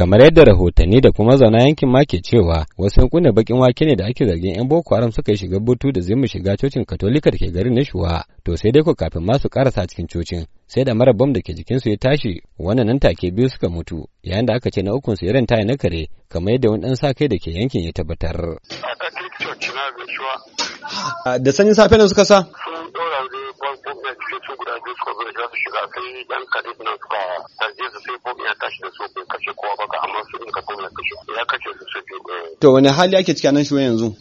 kamar yadda rahotanni da kuma zauna yankin ma ke cewa wasu yankunan bakin wake ne da ake zargin yan boko haram suka shiga butu da zimu shiga cocin katolika da ke garin na shuwa to sai dai ko kafin masu karasa cikin cocin sai da mara bam da ke jikinsu ya tashi wannan nan take biyu suka mutu yayin da aka ce na ukunsu irin taya na kare kamar yadda wani dan sa kai da ke yankin ya tabbatar da sanyin safe ne suka sa sun wannan cikin guda biyu suka zo su shiga sai dan kadi nan suka tarje su sai bom ya tashi da su bai kashe kowa baka amma su in ka bom ya kashe ya kashe su sai eh, to wani hali ake cikin nan shi yanzu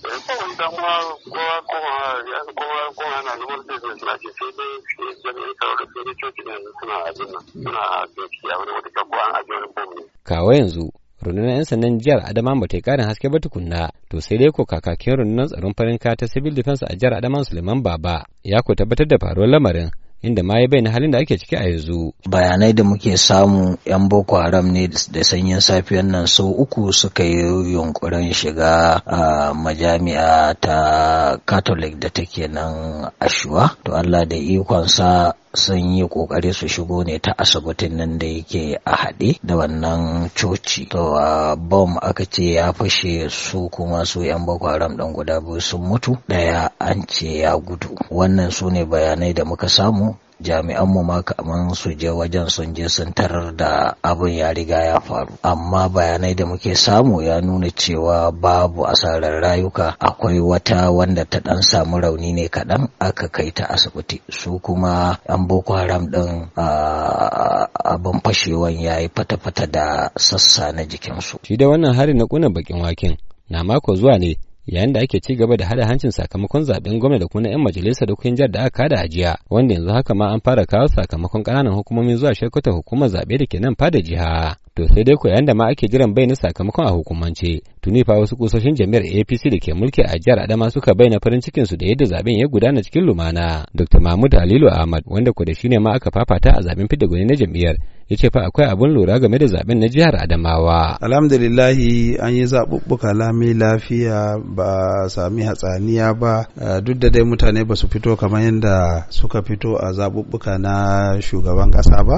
kawai yanzu rundunar 'yan sandan jihar adama ba ta karin haske ba tukunna to sai dai ko kakakin rundunar tsaron farin ta civil defense a jihar adama suleiman baba ya ko tabbatar da faruwar lamarin inda ma ya bayyana halin da ake ciki a yanzu. Bayanai da muke samu 'yan Boko Haram ne da sanyin safiyar nan sau uku suka yi yunkurin shiga a majami'a ta Catholic da take nan Ashuwa. To Allah da ikonsa sun yi kokari su shigo ne ta asibitin nan da yake a haɗe da wannan coci to a bom aka ce ya fashe su kuma su yan boko haram ɗan guda biyu sun mutu ɗaya an ce ya gudu wannan su ne bayanai da muka samu jami'an mu ma kaman su je wajen sun je sun tarar da abin ya riga ya faru amma bayanai da muke samu ya nuna cewa babu asarar rayuka akwai wata wanda ta dan samu rauni ne kaɗan aka kai ta asibiti su kuma an boko haram din abin fashewan ya yi fata-fata da sassa na jikinsu shi da wannan hari na kuna bakin waken na mako zuwa ne yayin da ake ci gaba da hada hancin sakamakon zaben gwamna da kuma na 'yan majalisa da kuma jihar da aka kada ajiya, wanda yanzu haka ma an fara kawo sakamakon kananan hukumomi zuwa shekuta hukumar zaɓe da ke nan fada jiha to sai dai ko yayin da ma ake jiran bayyana sakamakon a hukumance tuni fa wasu kusoshin jami'ar APC da ke mulki a jihar Adama suka bayyana farin cikin su da yadda zaben ya gudana cikin lumana Dr. Mahmud Halilu Ahmad wanda ku da shine ma aka fafata a zaben fidda gwani na jami'ar yace fa akwai abun lura game da zaben na jihar Adamawa alhamdulillah an yi zaɓuɓɓuka lami lafiya ba sami hatsaniya ba duk da dai mutane ba su fito kamar yadda suka fito a zabubbuka na shugaban kasa ba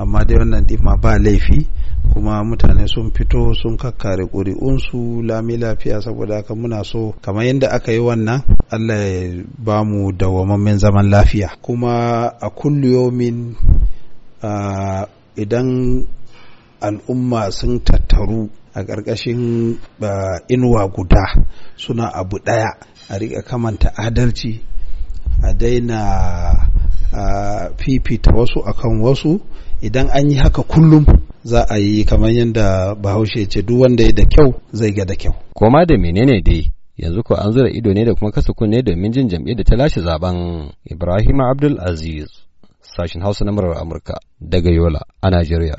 amma dai wannan ɗin ma ba laifi kuma mutane sun fito sun kakkare ƙuri'unsu lami lafiya saboda haka muna so kamar yadda aka yi wannan allah ya ba mu dawwamammen zaman lafiya kuma a kulliyomin idan al'umma sun tattaru a ƙarƙashin inuwa guda suna abu ɗaya a riƙa kamanta adalci a daina fifita wasu akan wasu idan an yi haka kullum za a yi kamar yadda bahaushe ce duk wanda ya da kyau zai ga da kyau koma da menene dai yanzu ko an zura ido ne da kuma kasa kunne domin jin jam'iyyar da ta lashe zaben Ibrahim Abdul Aziz sashin Hausa na murar Amurka daga Yola a Najeriya